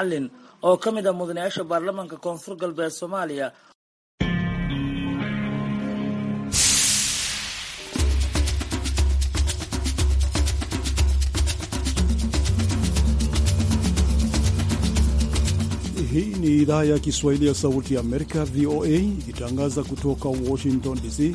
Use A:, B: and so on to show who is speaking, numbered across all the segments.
A: Macallin oo ka mid ah mudanayaasha baarlamaanka koonfur galbeed Soomaaliya.
B: Hii ni idhaa ya Kiswahili ya Sauti ya Amerika, VOA, ikitangaza kutoka Washington DC.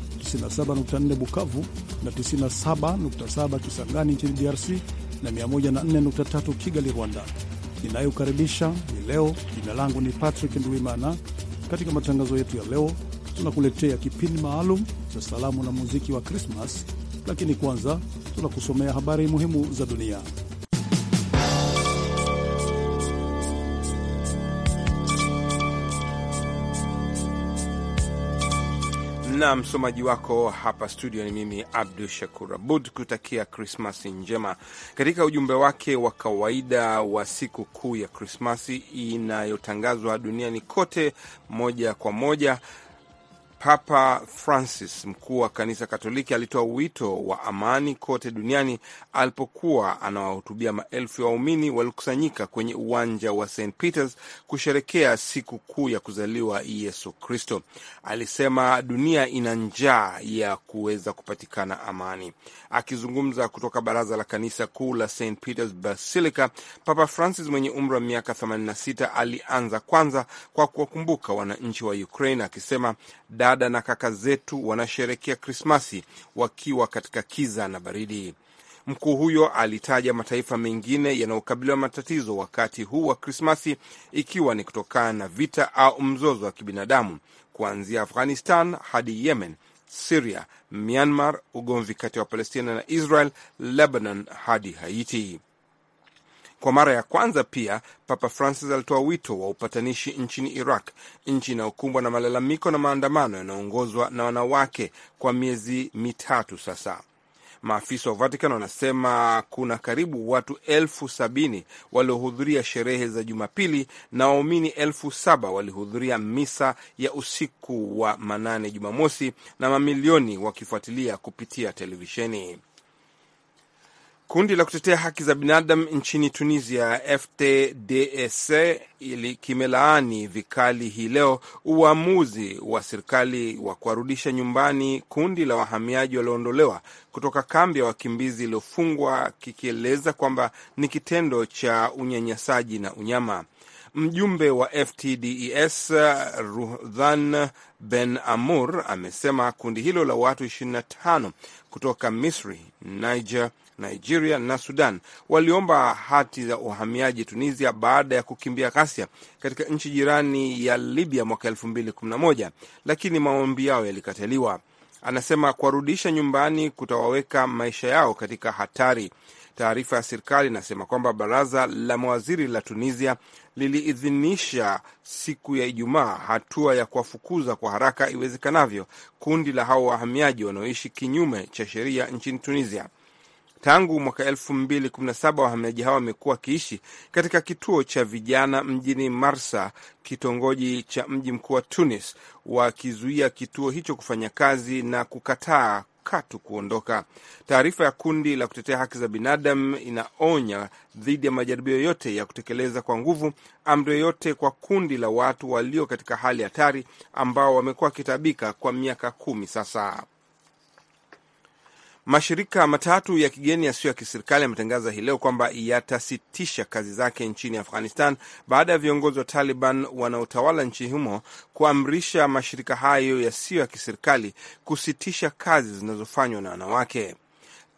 B: 97.4 Bukavu na 97.7 Kisangani nchini DRC na 104.3 Kigali, Rwanda. Ninayokaribisha ni leo. Jina langu ni Patrick Ndwimana. Katika matangazo yetu ya leo, tunakuletea kipindi maalum cha salamu na muziki wa Krismas, lakini kwanza tunakusomea habari muhimu za dunia.
C: na msomaji wako hapa studio ni mimi Abdu Shakur Abud, kutakia Krismasi njema. Katika ujumbe wake wa kawaida wa siku kuu ya Krismasi inayotangazwa duniani kote moja kwa moja Papa Francis, mkuu wa kanisa Katoliki, alitoa wito wa amani kote duniani alipokuwa anawahutubia maelfu ya waumini waliokusanyika kwenye uwanja wa St Peters kusherekea siku kuu ya kuzaliwa Yesu Kristo. Alisema dunia ina njaa ya kuweza kupatikana amani. Akizungumza kutoka baraza la kanisa kuu la St Peters Basilica, Papa Francis mwenye umri wa miaka 86 alianza kwanza kwa kuwakumbuka wananchi wa Ukraine akisema dada na kaka zetu wanasherekea Krismasi wakiwa katika kiza na baridi. Mkuu huyo alitaja mataifa mengine yanayokabiliwa matatizo wakati huu wa Krismasi, ikiwa ni kutokana na vita au mzozo wa kibinadamu kuanzia Afghanistan hadi Yemen, Siria, Myanmar, ugomvi kati ya Palestina na Israel, Lebanon hadi Haiti. Kwa mara ya kwanza pia Papa Francis alitoa wito wa upatanishi nchini Iraq, nchi inayokumbwa na malalamiko na maandamano yanayoongozwa na wanawake kwa miezi mitatu sasa. Maafisa wa Vatican wanasema kuna karibu watu elfu sabini waliohudhuria sherehe za Jumapili na waumini elfu saba walihudhuria misa ya usiku wa manane Jumamosi, na mamilioni wakifuatilia kupitia televisheni. Kundi la kutetea haki za binadamu nchini Tunisia, FTDS, kimelaani vikali hii leo uamuzi wa serikali wa kuwarudisha nyumbani kundi la wahamiaji walioondolewa kutoka kambi ya wakimbizi iliyofungwa, kikieleza kwamba ni kitendo cha unyanyasaji na unyama. Mjumbe wa FTDES Ruhdhan Ben Amur amesema kundi hilo la watu 25 kutoka Misri, Niger, Nigeria na Sudan waliomba hati za uhamiaji Tunisia baada ya kukimbia ghasia katika nchi jirani ya Libya mwaka 2011 lakini maombi yao yalikataliwa. Anasema kuwarudisha nyumbani kutawaweka maisha yao katika hatari. Taarifa ya serikali inasema kwamba baraza la mawaziri la Tunisia liliidhinisha siku ya Ijumaa hatua ya kuwafukuza kwa haraka iwezekanavyo kundi la hao wahamiaji wanaoishi kinyume cha sheria nchini Tunisia. Tangu mwaka 2017 wahamiaji hao wamekuwa wakiishi katika kituo cha vijana mjini Marsa, kitongoji cha mji mkuu wa Tunis, wakizuia kituo hicho kufanya kazi na kukataa katu kuondoka. Taarifa ya kundi la kutetea haki za binadamu inaonya dhidi ya majaribio yote ya kutekeleza kwa nguvu amri yoyote kwa kundi la watu walio katika hali hatari ambao wamekuwa wakitabika kwa miaka kumi sasa. Mashirika matatu ya kigeni yasiyo ya kiserikali yametangaza hii leo kwamba yatasitisha kazi zake nchini Afghanistan baada ya viongozi wa Taliban wanaotawala nchini humo kuamrisha mashirika hayo yasiyo ya kiserikali kusitisha kazi zinazofanywa na wanawake.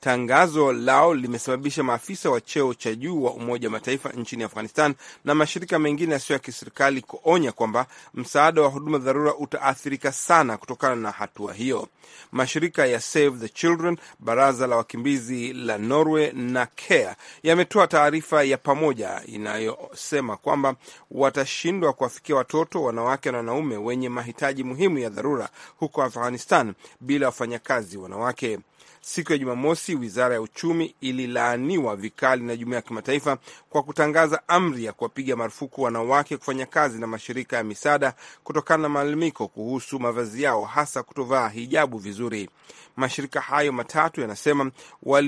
C: Tangazo lao limesababisha maafisa wa cheo cha juu wa Umoja wa Mataifa nchini Afghanistan na mashirika mengine yasiyo ya kiserikali kuonya kwamba msaada wa huduma dharura utaathirika sana kutokana na hatua hiyo. Mashirika ya Save the Children, baraza la wakimbizi la Norway na Care yametoa taarifa ya pamoja inayosema kwamba watashindwa kuwafikia watoto, wanawake na wanaume wenye mahitaji muhimu ya dharura huko Afghanistan bila wafanyakazi wanawake. Siku ya Jumamosi, wizara ya uchumi ililaaniwa vikali na jumuiya ya kimataifa kwa kutangaza amri ya kuwapiga marufuku wanawake kufanya kazi na mashirika ya misaada kutokana na malalamiko kuhusu mavazi yao, hasa kutovaa hijabu vizuri. Mashirika hayo matatu yanasema wa,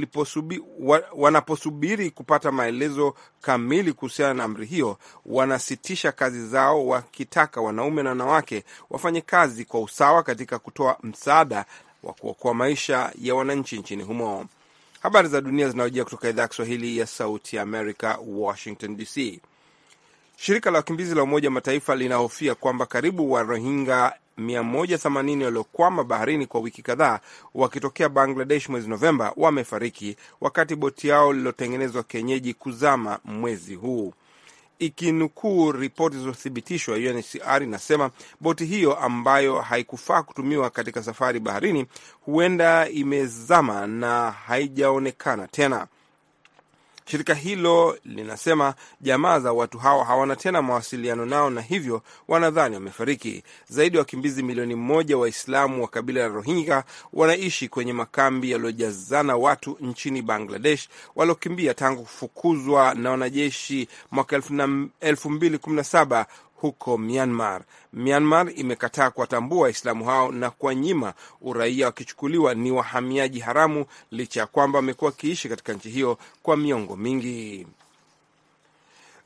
C: wanaposubiri kupata maelezo kamili kuhusiana na amri hiyo, wanasitisha kazi zao, wakitaka wanaume na wanawake wafanye kazi kwa usawa katika kutoa msaada wa kuokoa maisha ya wananchi nchini humo. Habari za dunia zinaojia kutoka idhaa ya Kiswahili ya Sauti ya Amerika, Washington DC. Shirika la wakimbizi la Umoja wa Mataifa linahofia kwamba karibu wa Rohingya 180 waliokwama baharini kwa wiki kadhaa wakitokea Bangladesh mwezi Novemba wamefariki wakati boti yao lililotengenezwa kienyeji kuzama mwezi huu ikinukuu ripoti zilizothibitishwa, UNHCR inasema boti hiyo ambayo haikufaa kutumiwa katika safari baharini huenda imezama na haijaonekana tena. Shirika hilo linasema jamaa za watu hawa hawana tena mawasiliano nao na hivyo wanadhani wamefariki. Zaidi ya wakimbizi milioni moja Waislamu wa kabila la Rohingya wanaishi kwenye makambi yaliyojazana watu nchini Bangladesh waliokimbia tangu kufukuzwa na wanajeshi mwaka elfu mbili kumi na saba huko Myanmar. Myanmar imekataa kuwatambua Waislamu hao na kwa nyima uraia wakichukuliwa ni wahamiaji haramu, licha ya kwamba wamekuwa wakiishi katika nchi hiyo kwa miongo mingi.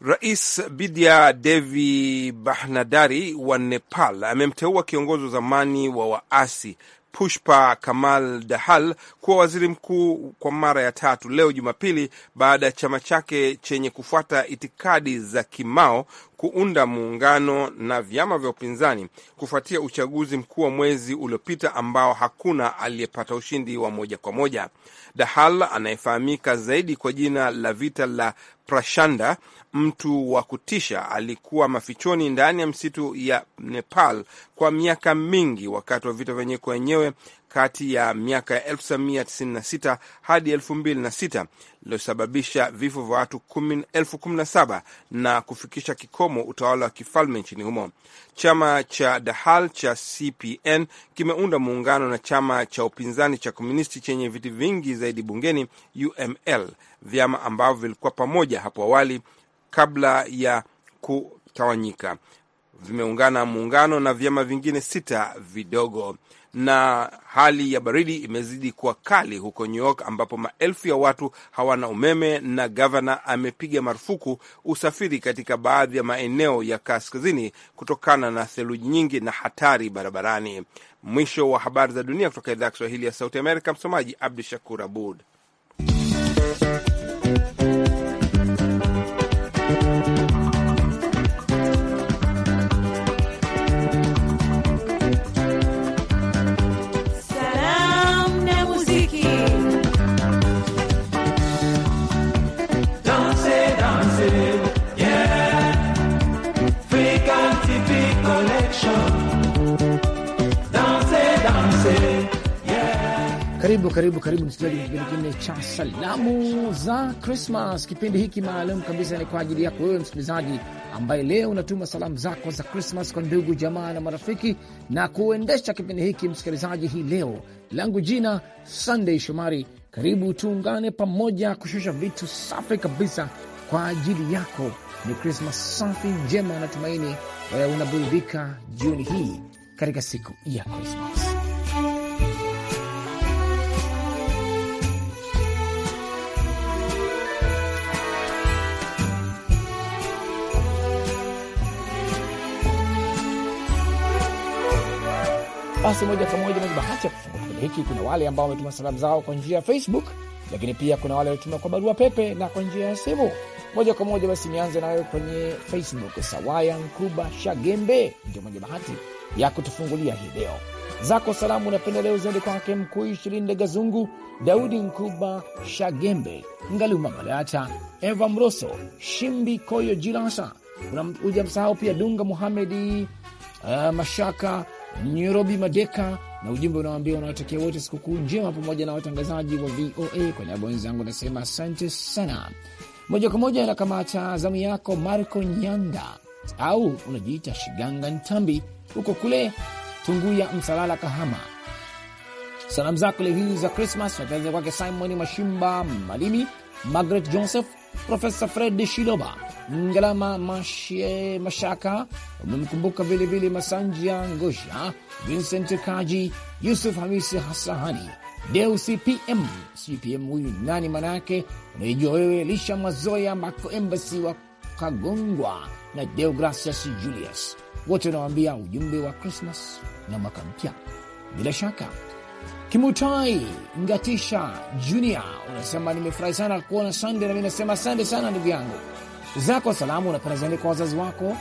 C: Rais Bidya Devi bahnadari wa Nepal amemteua kiongozi wa zamani wa waasi Pushpa Kamal Dahal kuwa waziri mkuu kwa mara ya tatu leo Jumapili, baada ya chama chake chenye kufuata itikadi za Kimao kuunda muungano na vyama vya upinzani kufuatia uchaguzi mkuu wa mwezi uliopita ambao hakuna aliyepata ushindi wa moja kwa moja. Dahal anayefahamika zaidi kwa jina la vita la Prashanda, mtu wa kutisha, alikuwa mafichoni ndani ya msitu ya Nepal kwa miaka mingi wakati wa vita vyenyewe kwa wenyewe kati ya miaka ya 1996 hadi 2006 lililosababisha vifo vya watu 17 na na kufikisha kikomo utawala wa kifalme nchini humo. Chama cha Dahal cha CPN kimeunda muungano na chama cha upinzani cha komunisti chenye viti vingi zaidi bungeni UML, vyama ambavyo vilikuwa pamoja hapo awali kabla ya kutawanyika vimeungana muungano na vyama vingine sita vidogo na hali ya baridi imezidi kuwa kali huko New York ambapo maelfu ya watu hawana umeme na gavana amepiga marufuku usafiri katika baadhi ya maeneo ya kaskazini kutokana na theluji nyingi na hatari barabarani. Mwisho wa habari za dunia kutoka idhaa ya Kiswahili ya Sauti Amerika. Msomaji Abdu Shakur Abud.
A: Karibu karibu karibu msikilizaji wa kipindi kingine cha salamu za Krismas. Kipindi hiki maalum kabisa ni kwa ajili yako wewe msikilizaji ambaye leo unatuma salamu zako za Krismas kwa ndugu, jamaa na marafiki. Na kuendesha kipindi hiki msikilizaji hii leo, langu jina Sunday Shomari. Karibu tuungane pamoja kushusha vitu safi kabisa kwa ajili yako. Ni Krismas safi njema, natumaini eh, unaburudika jioni hii katika siku ya Krismas. Basi moja kwa moja mwenye bahati ya kufungua kipindi hiki, kuna wale ambao wametuma salamu zao kwa njia ya Facebook, lakini pia kuna wale waliotuma kwa barua pepe na kwa njia ya simu moja kwa moja. Basi nianze nayo kwenye Facebook. Sawaya Nkuba Shagembe ndio mwenye bahati ya kutufungulia hii leo. Zako salamu napenda leo ziende kwake Mkuu Shirinde zungu Daudi Nkuba Shagembe, Ngaluma Malata, Eva Mroso, Shimbi Koyo Jirasa, ujamsahau pia Dunga Muhamedi, uh, Mashaka Nairobi Madeka na ujumbe unaoambia unawatakia wote sikukuu njema pamoja na watangazaji wa VOA. Kwa niaba wenzangu nasema asante sana. Moja kwa moja na zamu yako Marco Nyanda au unajiita Shiganga Ntambi huko kule Tunguya, Msalala, Kahama. Salamu zako leo hizi za Krismas wataanza kwake Simoni Mashimba Malimi, Margaret Joseph Profesa Fred shiloba Ngalama Mashie, Mashaka umemkumbuka vilevile Masanja Ngosha, Vincent Kaji, Yusuf Hamisi Hasahani, Deusi CPM, huyu nani manayake unaijua wewe, Lisha Mazoya Mako Embasi wa Kagongwa na Gracias Julius, wote unawaambia ujumbe wa Krismas na mwaka mpya bila shaka Kimutai Ngatisha Junior unasema nimefurahi sana kuona Sande, nami nasema asante sana ndugu yangu. Zako salamu unapenda zaidi kwa wazazi wako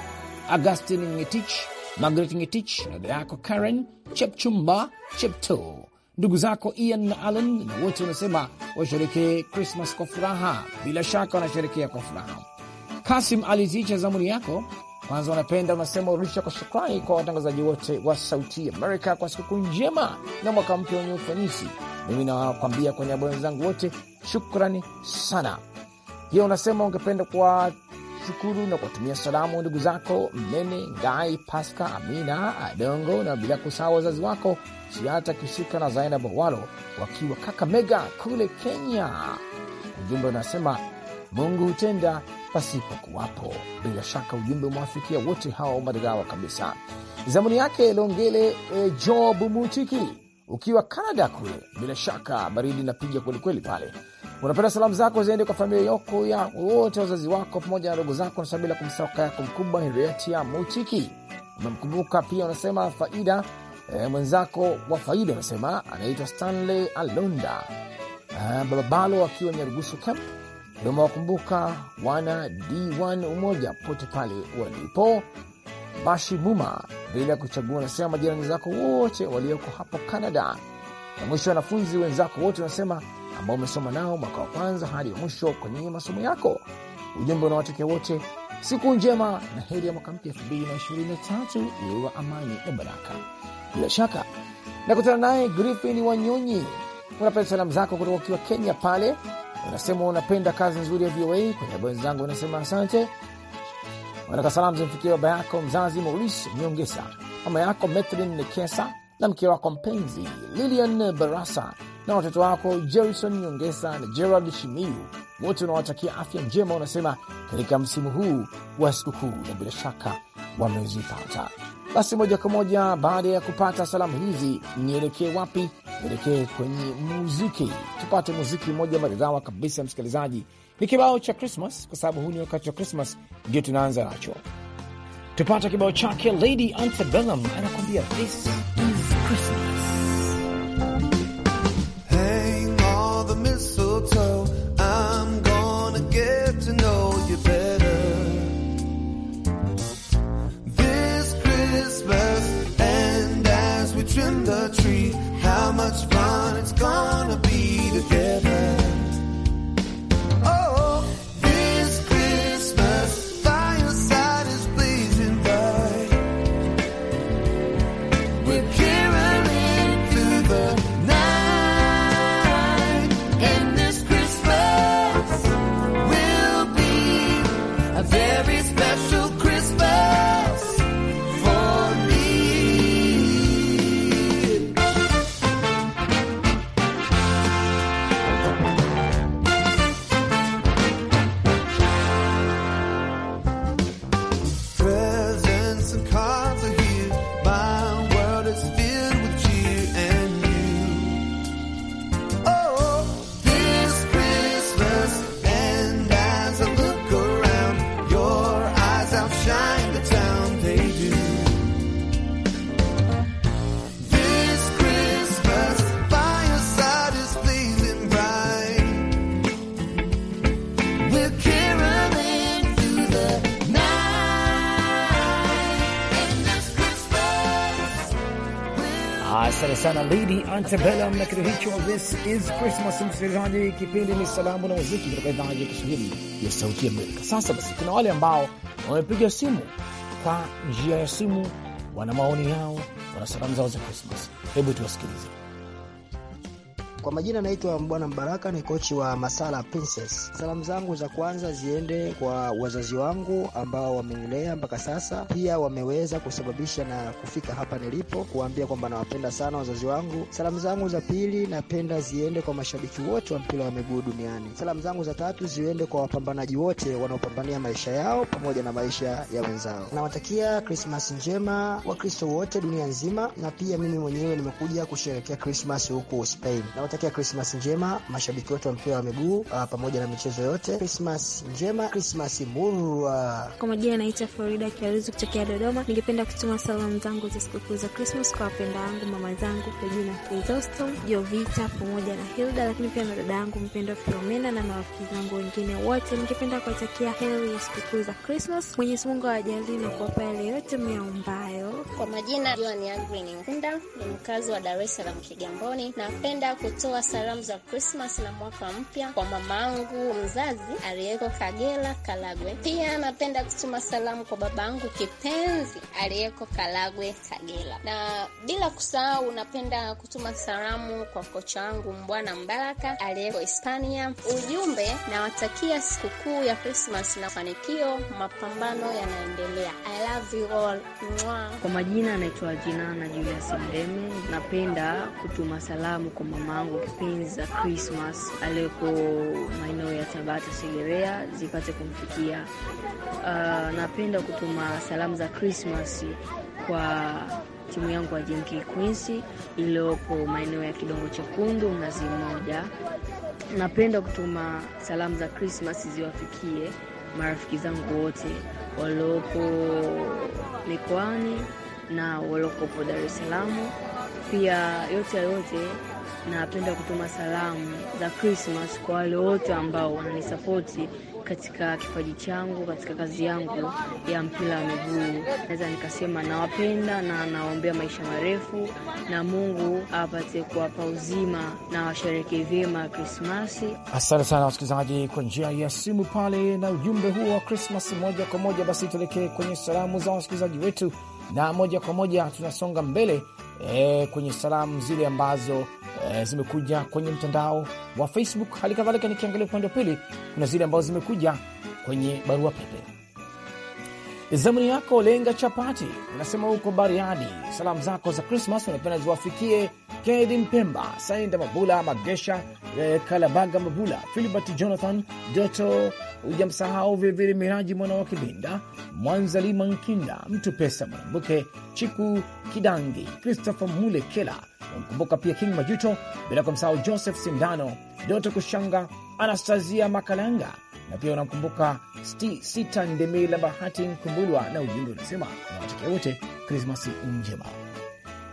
A: augustin Ngetich, Margaret Ngetich na dada yako Karen Chepchumba Chepto, ndugu zako Ian na Alan na wote unasema washerekee Krismas kwa furaha. Bila shaka wanasherekea kwa furaha. Kasim aliticha zamuni yako kwanza unapenda unasema urudisha kwa shukrani kwa watangazaji wote wa Sauti Amerika kwa sikukuu njema na mwaka mpya wenye ufanisi. Mimi nawakwambia kwa niaba wenzangu wote, shukrani sana. Hiyo unasema ungependa kuwashukuru na kuwatumia salamu ndugu zako Mnene Ngai, Paska, Amina Adongo, na bila kusahau wazazi wako Siata Kisika na Zaina Owalo wakiwa Kakamega kule Kenya. Ujumbe unasema Mungu hutenda pasipo kuwapo. Bila shaka ujumbe umewafikia wote hao maridhawa kabisa. Zamuni yake Longele e, Job Mutiki, ukiwa Canada kule, bila shaka baridi napiga kwelikweli pale. Unapenda salamu zako ziende kwa familia yako ya wote, wazazi wako pamoja na ndugu zako, nasema bila kumsahau kaka yako mkubwa Henrietia Mutiki, umemkumbuka pia. Unasema faida e, mwenzako wa faida, unasema anaitwa Stanley Alonda ah, Bababalo akiwa Nyarugusu Camp Umewakumbuka wana D1 umoja pote pale walipo. Bashi Muma bila kuchagua unasema majirani zako wote walioko hapo Canada, na mwisho wanafunzi wenzako wote wanasema ambao umesoma nao mwaka wa kwanza hadi ya mwisho kwenye masomo yako. Ujumbe unawatakia wote siku njema na heri ya mwaka mpya 2023 iliwa amani na baraka. Bila shaka nakutana naye Griffin Wanyonyi, unapata salamu zako kutoka ukiwa Kenya pale unasema unapenda kazi nzuri ya VOA. Kwa niaba wenzangu unasema asante. Wanataka salamu zimfikia baba yako mzazi Maulis Nyongesa, mama yako Metrin Nekesa na mke wako mpenzi Lilian Barasa na watoto wako Jerison Nyongesa na Gerald Shimiu, wote unawatakia afya njema, unasema katika msimu huu wa sikukuu, na bila shaka wamezipata. Basi moja kwa moja baada ya kupata salamu hizi, nielekee wapi? Nielekee kwenye muziki, tupate muziki moja maridhawa kabisa, msikilizaji. Ni kibao cha Krismas, kwa sababu huu ni wakati wa Krismas, ndio tunaanza nacho. Tupate kibao chake Lady Antebellum, anakuambia this is Christmas. Lady Antebellum na kitu hicho This is Christmas. Msikilizaji, kipindi ni salamu na muziki kutoka idhaa ya Kiswahili ya Sauti ya Amerika. Sasa basi, kuna wale ambao wamepiga simu kwa njia ya simu, wana maoni yao, wana salamu zao za Christmas. Hebu tuwasikilize.
D: Kwa majina naitwa Bwana Mbaraka, ni kochi wa Masala Princess. Salamu zangu za kwanza ziende kwa wazazi wangu ambao wamenilea mpaka sasa, pia wameweza kusababisha na kufika hapa nilipo, kuwaambia kwamba nawapenda sana wazazi wangu. Salamu zangu za pili napenda ziende kwa mashabiki wote wa mpira wa miguu duniani. Salamu zangu za tatu ziende kwa wapambanaji wote wanaopambania maisha yao pamoja na maisha ya wenzao. Nawatakia Krismasi njema Wakristo wote dunia nzima, na pia mimi mwenyewe nimekuja kusherehekea krismas huku Spain. Nawatakia kuwatakia Krismas njema mashabiki wote wa mpira wa miguu ah, pamoja na michezo yote. Krismas njema, Krismas murwa. Kwa majina anaita Florida Kiaruzi kutokea Dodoma. Ningependa kutuma salamu zangu za sikukuu za Krismas kwa wapenda wangu, mama zangu Regina Krisostom, Jovita pamoja na Hilda, lakini pia na dada yangu mpendwa Filomena na marafiki zangu wengine wote. Ningependa kuwatakia heri ya sikukuu za Krismas. Mwenyezi Mungu awajalie na kuwapa yale yote mmeombayo. Kwa majina Joan Agri Ngunda, ni mkazi wa Dar es Salaam Kigamboni. Napenda kutoa salamu za Krismas na mwaka mpya kwa mamangu mzazi aliyeko Kagera, Karagwe. Pia napenda kutuma salamu kwa babangu kipenzi aliyeko Karagwe, Kagera, na bila kusahau napenda kutuma salamu kwa kocha wangu Mbwana Mbaraka aliyeko Hispania. Ujumbe, nawatakia sikukuu ya Krismas na mafanikio, mapambano yanaendelea. I love you all. Mwa. Kwa majina anaitwa Jinana Julius Mdeme. Napenda kutuma salamu kwa mamangu wangu kipindi za Krismas aliyoko maeneo ya Tabata Segerea zipate kumfikia. Uh, napenda kutuma salamu za krismas kwa timu yangu ya JMK Queens iliyopo maeneo ya Kidongo Chekundu Mnazi Mmoja. Napenda kutuma salamu za Krismas ziwafikie marafiki zangu wote waliopo mikoani na waliokopo Dar es Salaam. Pia yote yote Napenda kutuma salamu za Krismas kwa wale wote ambao wananisapoti katika kipaji changu, katika kazi yangu ya mpira wa miguu. Naweza nikasema nawapenda na naombea maisha marefu, na Mungu apate kuwapa uzima na washerekee vyema Krismasi.
A: Asante sana wasikilizaji kwa njia ya simu pale na ujumbe huo wa Krismas moja kwa moja. Basi tuelekee kwenye salamu za wasikilizaji wetu na moja kwa moja tunasonga mbele e, kwenye salamu zile ambazo e, zimekuja kwenye mtandao wa Facebook. Hali kadhalika nikiangalia upande wa pili, kuna zile ambazo zimekuja kwenye barua pepe Zamuni yako lenga chapati, unasema huko Bariadi. Salamu zako za Krismas unapenda ziwafikie Kedi Mpemba, Sainda Mabula, Magesha eh, Kalabaga Mabula, Filibert Jonathan Doto, hujamsahau vilevile Miraji mwana wa Kibinda, Mwanza Lima Nkinda, Mtu Pesa Mwanambuke, Chiku Kidangi, Christopher Mule Kela, unamkumbuka pia King Majuto, bila kumsahau Joseph Sindano, Doto Kushanga, Anastasia Makalanga na pia unamkumbuka sita Ndemila Bahati Nkumbulwa, na ujumbe unasema nawatakia wote Krismasi njema.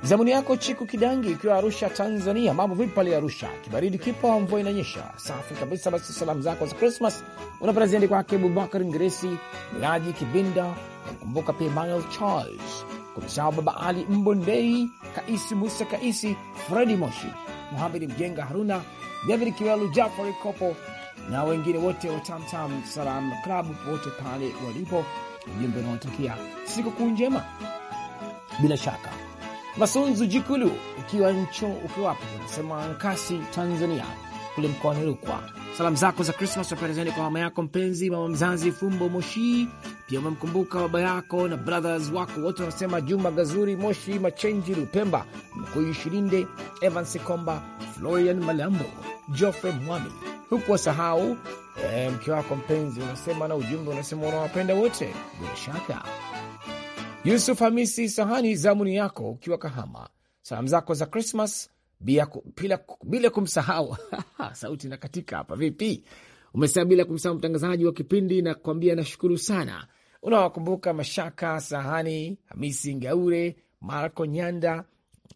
A: Zamuni yako Chiku Kidangi ikiwa Arusha, Tanzania. Mambo vipi pale Arusha? Kibaridi kipo, mvua inanyesha. Safi kabisa. Basi salamu zako za Krismas unapenda ziende kwake Abubakar Ngresi, Miraji Kibinda, namkumbuka pia Emmanuel Charles Kumsahau Baba Ali Mbondei, Kaisi Musa Kaisi, Fredi Moshi, Muhamedi Mjenga, Haruna David Kiwelu, Jafari Kopo na wengine wote wa Tamtam Salam Klabu wote pale walipo, ujumbe unaotakia sikukuu njema. Bila shaka Masunzu Jikulu, ukiwa ncho ukiwapo unasema Nkasi Tanzania kule mkoani Rukwa. Salamu zako za Krismas waperezeni kwa mama yako mpenzi, mama mzazi Fumbo Moshi. Pia umemkumbuka baba yako na brothers wako wote, wanasema Juma Gazuri Moshi, Machenji Lupemba, Mkuyu Shirinde, Evans Komba, Florian Malambo, Joffre Mwami huku wasahau e, eh, mke wako mpenzi, unasema na ujumbe unasema unawapenda wote. Bila shaka, Yusuf Hamisi Sahani, zamuni yako ukiwa Kahama, salamu zako za Krismas bila kumsahau sauti na katika hapa vipi, umesema bila kumsahau mtangazaji wa kipindi na nashukuru sana. Unawakumbuka Mashaka Sahani, Hamisi Ngaure, Marco Nyanda,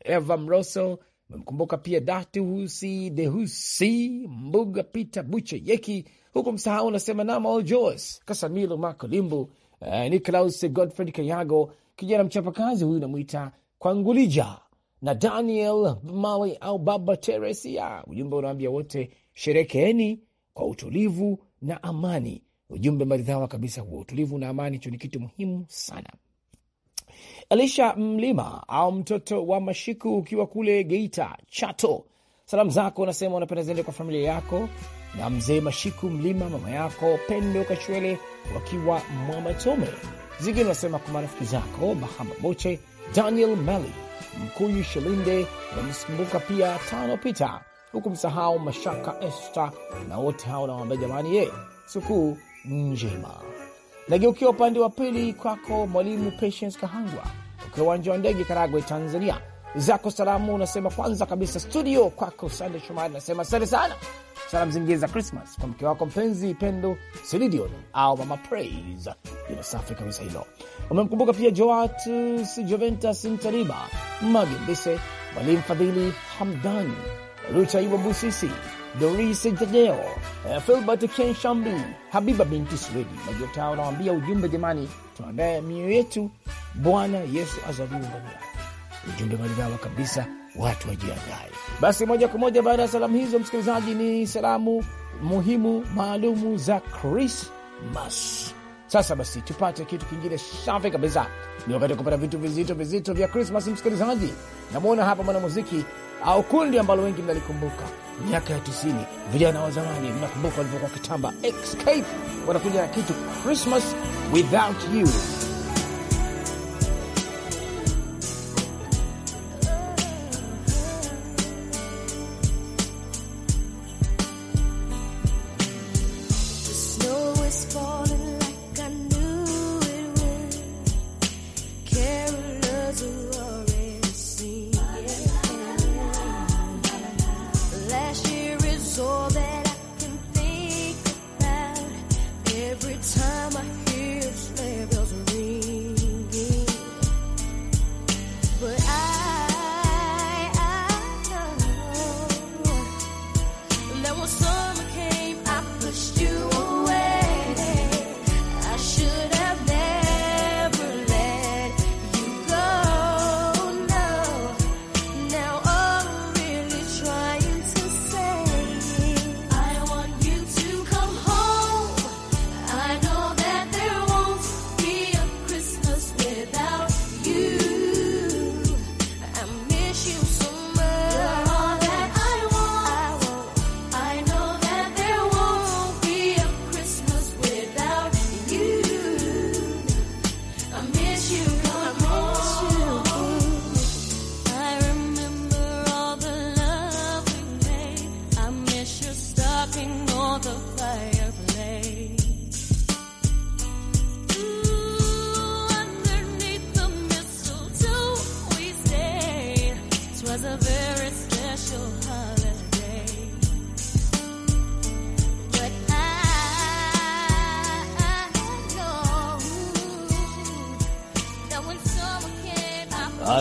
A: Eva Mroso, Memkumbuka pia Datuhusi Dehusi Mbuga Peter Buche Yeki, huku msahau unasema Namal Joas Kasamilo Makolimbu, uh, eh, Niklaus Godfred Kayago, kijana mchapakazi huyu namwita Kwangulija na Daniel Mawe au Baba Teresia. Ujumbe unaambia wote sherekeeni kwa utulivu na amani. Ujumbe maridhawa kabisa huo, utulivu na amani cho ni kitu muhimu sana. Elisha Mlima au mtoto wa Mashiku, ukiwa kule Geita Chato, salamu zako unasema unapenda zaidi kwa familia yako na mzee Mashiku Mlima, mama yako Pendo Kachwele wakiwa Mwamatome. Zingine unasema kwa marafiki zako Bahama Boche, Daniel Mali Mkuyu, Shelinde namkumbuka pia Tano Pita, huku msahau Mashaka Esta na wote hao, na jamani, ye sukuu njema. Nageukia upande wa pili kwako, mwalimu Patience Kahangwa, ukiwa uwanja wa ndege Karagwe, Tanzania. Zako salamu unasema kwanza kabisa studio kwako Sande Shomari, nasema asante sana. Salamu zingine za Krismas kwa mke wako mpenzi Pendo silidion au Mama Praise, ilo safi kabisa hilo. Umemkumbuka pia Joat Joventus Mtariba Magembise, Mwalimu Fadhili Hamdani ruta Iwa Busisi Doris Tadeo, eh, Filbert Kenshambi, Habiba binti Swedi Majutaa, wanawaambia ujumbe, jamani, tuandaye mioyo yetu, Bwana Yesu azaliwe ndani yako. Ujumbe maridhawa kabisa, watu wajiandae. Basi moja kwa moja baada ya salamu hizo, msikilizaji, ni salamu muhimu maalumu za Krismas. Sasa basi tupate kitu kingine safi kabisa. Ni wakati wa kupata vitu vizito vizito vya Krismas, msikilizaji. Namwona hapa mwanamuziki au kundi ambalo wengi mnalikumbuka miaka ya tisini, vijana wa zamani, mnakumbuka walivyokuwa kitamba Escape wanakuja na kitu Christmas without you.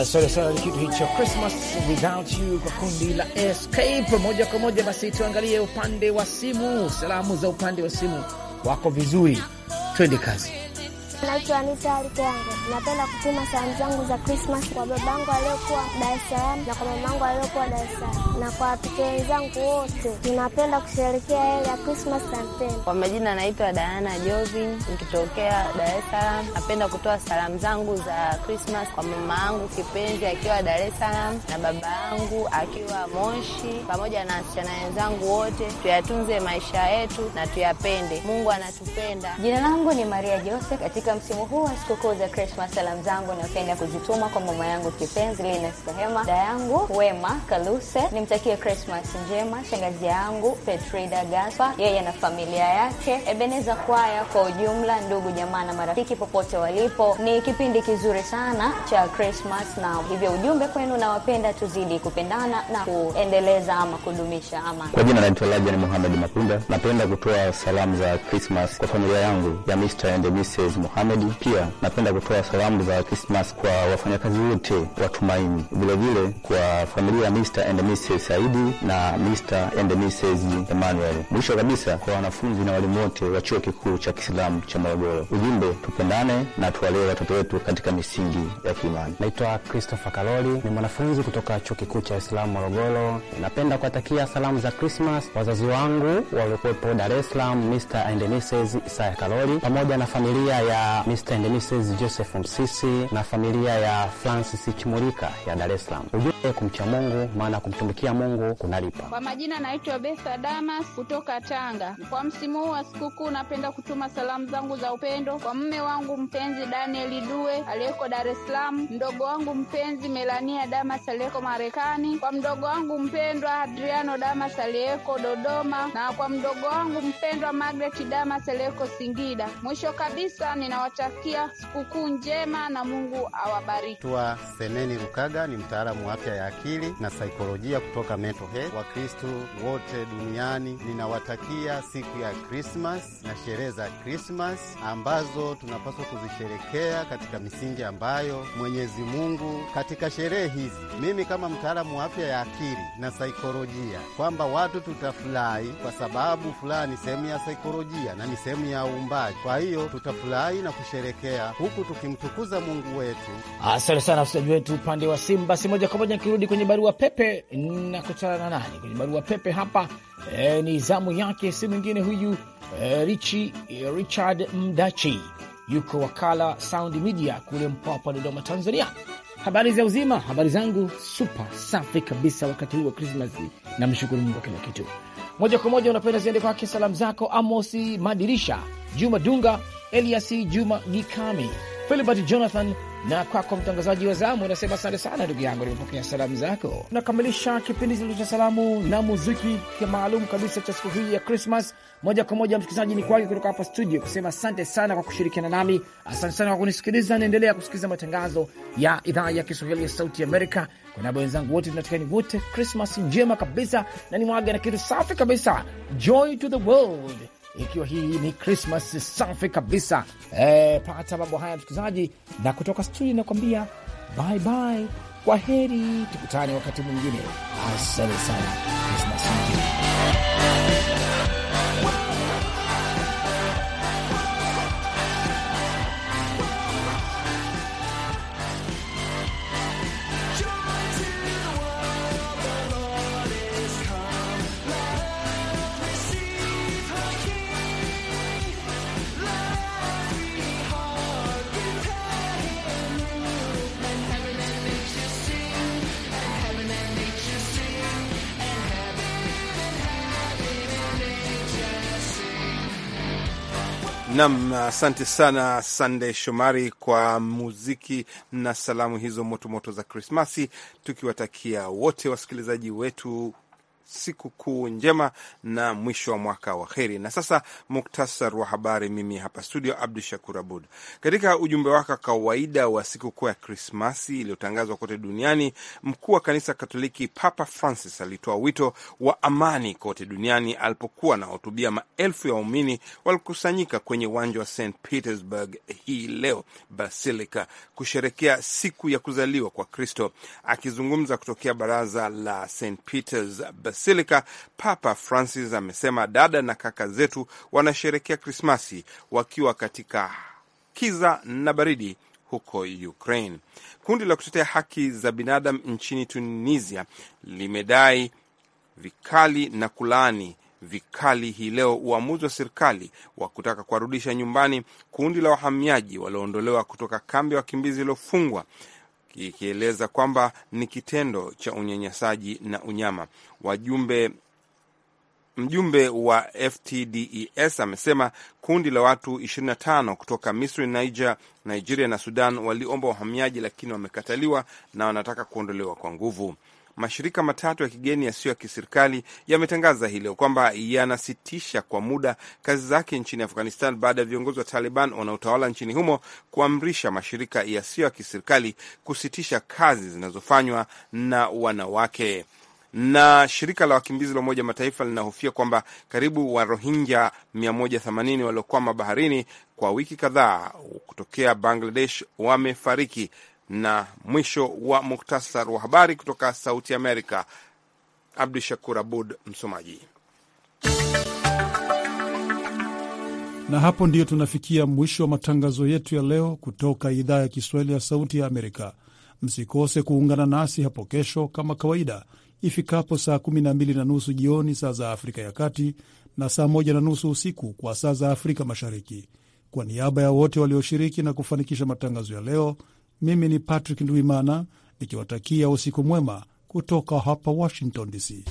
A: sore sana ni kitu hicho Christmas without you kwa kundi la Escape. Moja kwa moja basi tuangalie upande wa simu, salamu za upande wa simu wako vizuri, twende kazi.
D: Naitwa Anita Alitengo. Napenda kutuma salamu zangu za Krismas kwa babangu aliyokuwa Dar es Salaam na kwa mamangu aliyokuwa Dar es Salaam na kwa watoto wenzangu wote. Tunapenda kusherehekea heri ya Krismas kampeni. Kwa majina anaitwa Diana Jovin nikitokea Dar es Salaam. Napenda kutoa salamu zangu za Krismas kwa mama yangu kipenzi akiwa Dar es Salaam na baba yangu akiwa Moshi, pamoja na wasichana wenzangu wote. Tuyatunze maisha yetu na tuyapende. Mungu anatupenda. Jina langu ni Maria Joseph katika katika msimu huu wa sikukuu za Krismas, salamu zangu napenda kuzituma kwa mama yangu kipenzi Lina da yangu Wema Kaluse, nimtakie Krismas njema, shangazi yangu Petrida Gaspa, yeye na familia yake, Ebeneza Kwaya kwa ujumla, ndugu jamaa na marafiki popote walipo. Ni kipindi kizuri sana cha Krismas, na hivyo ujumbe kwenu, nawapenda, tuzidi kupendana na kuendeleza ama kudumisha ama.
A: Kwa jina naitwa Lajani Muhamed Makunda, napenda kutoa salamu za Krismas kwa familia yangu ya Mr. and Mrs. Muhammad. Ahmed, pia napenda kutoa salamu za Christmas kwa
D: wafanyakazi wote wa Tumaini, vilevile kwa familia ya Mr and Mrs Saidi na
A: Mr and Mrs Emmanuel. Mwisho kabisa, kwa wanafunzi na walimu wote wa Chuo Kikuu cha Kiislamu cha Morogoro, ujumbe tupendane na tuwalee watoto wetu katika misingi ya kiimani. Naitwa Christopher Kaloli, ni mwanafunzi kutoka Chuo Kikuu cha Islamu Morogoro. Napenda kuwatakia salamu za Krismas wazazi wangu waliokuwepo Dar es Salaam, Mr and Mrs Isaya Kaloli pamoja na familia ya Mr. and Mrs. Joseph Msisi na familia ya Francis Chimurika ya Dar es Salaam. Ujue kumcha Mungu, maana kumtumikia Mungu kunalipa. Kwa
D: majina naitwa Betha Damas kutoka Tanga. Kwa msimu huu wa sikukuu napenda kutuma salamu zangu za upendo kwa mme wangu mpenzi Daniel Due aliyeko Dar es Salaam, mdogo wangu mpenzi Melania Damas aliyeko Marekani, kwa mdogo wangu mpendwa Adriano Damas aliyeko Dodoma na kwa mdogo wangu mpendwa Margaret Damas aliyeko Singida. Mwisho kabisa nina tunawatakia sikukuu njema na Mungu awabariki.
C: Tua Seneni Rukaga ni mtaalamu wa afya ya akili na saikolojia kutoka Mental Health. Wakristu wote duniani ninawatakia siku ya Krismas na sherehe za Krismas ambazo tunapaswa kuzisherekea katika misingi ambayo Mwenyezi Mungu katika sherehe hizi, mimi kama mtaalamu wa afya ya akili na saikolojia, kwamba watu tutafurahi kwa sababu furaha ni sehemu ya saikolojia na ni sehemu ya uumbaji. Kwa hiyo tutafurahi na kusherekea huku tukimtukuza Mungu wetu.
A: Asante sana msikilizaji wetu upande wa simu. Basi moja kwa moja nikirudi kwenye barua pepe na kutana na nani kwenye barua pepe hapa e, ni zamu yake si mwingine huyu e, eh, Richi, e, eh, Richard Mdachi yuko wakala Sound Media kule Mpwapwa, Dodoma, Tanzania. Habari za uzima, habari zangu super safi kabisa wakati huu wa na namshukuru Mungu wa kila kitu. Moja kwa moja unapenda ziende kwake salamu zako Amosi Madirisha, Juma Dunga Eliasi Juma Gikami, Filibert Jonathan na kwako mtangazaji wa zamu, unasema asante sana ndugu yangu, nimepokea salamu zako. nakamilisha kipindi chetu cha salamu na muziki maalum kabisa cha siku hii ya Krismas. Moja kwa moja, msikilizaji, ni kwake kutoka hapa studio kusema asante sana kwa kushirikiana nami, asante sana kwa kunisikiliza. Naendelea kusikiliza matangazo ya idhaa ya Kiswahili ya Sauti Amerika. Kwa niaba wenzangu wote, tunatakieni wote Krismas njema kabisa, na ni mwaga na kitu safi kabisa, joy to the world ikiwa hii ni Krismas safi kabisa. E, pata mambo haya msikilizaji, na kutoka studio inakuambia bye bye, kwa heri, tukutane wakati mwingine. Asante sana, Krismas njema.
C: Nam, asante sana Sandey Shomari kwa muziki na salamu hizo motomoto moto za Krismasi, tukiwatakia wote wasikilizaji wetu siku kuu njema na mwisho wa mwaka wa heri. Na sasa muktasar wa habari, mimi hapa studio Abdu Shakur Abud. Katika ujumbe wake kawaida wa sikukuu ya Krismasi iliyotangazwa kote duniani, mkuu wa kanisa Katoliki Papa Francis alitoa wito wa amani kote duniani alipokuwa anahutubia maelfu ya waumini walikusanyika kwenye uwanja wa St Petersburg hii leo Basilica kusherekea siku ya kuzaliwa kwa Kristo. Akizungumza kutokea baraza la St Peters Basilica, Basilica, Papa Francis amesema dada na kaka zetu wanasherekea Krismasi wakiwa katika kiza na baridi huko Ukraine. Kundi la kutetea haki za binadamu nchini Tunisia limedai vikali na kulaani vikali hii leo uamuzi wa serikali wa kutaka kuwarudisha nyumbani kundi la wahamiaji walioondolewa kutoka kambi ya wakimbizi iliyofungwa ikieleza kwamba ni kitendo cha unyanyasaji na unyama. Wajumbe Mjumbe wa FTDES amesema kundi la watu 25 kutoka Misri, Niger, Nigeria na Sudan waliomba wahamiaji lakini wamekataliwa na wanataka kuondolewa kwa nguvu mashirika matatu ya kigeni yasiyo ya kiserikali yametangaza hilo kwamba yanasitisha kwa muda kazi zake nchini Afghanistan baada ya viongozi wa Taliban wanaotawala nchini humo kuamrisha mashirika yasiyo ya kiserikali kusitisha kazi zinazofanywa na wanawake na shirika la wakimbizi la Umoja Mataifa linahofia kwamba karibu Warohingya 180 waliokwama baharini kwa wiki kadhaa kutokea Bangladesh wamefariki na mwisho wa muktasar wa habari kutoka Sauti Amerika. Abdu Shakur Abud msomaji.
B: Na hapo ndiyo tunafikia mwisho wa matangazo yetu ya leo kutoka idhaa ya Kiswahili ya Sauti ya Amerika. Msikose kuungana nasi hapo kesho kama kawaida ifikapo saa 12 na nusu jioni saa za Afrika ya Kati na saa 1 na nusu usiku kwa saa za Afrika Mashariki. Kwa niaba ya wote walioshiriki na kufanikisha matangazo ya leo mimi ni Patrick Ndwimana nikiwatakia usiku mwema kutoka hapa Washington DC.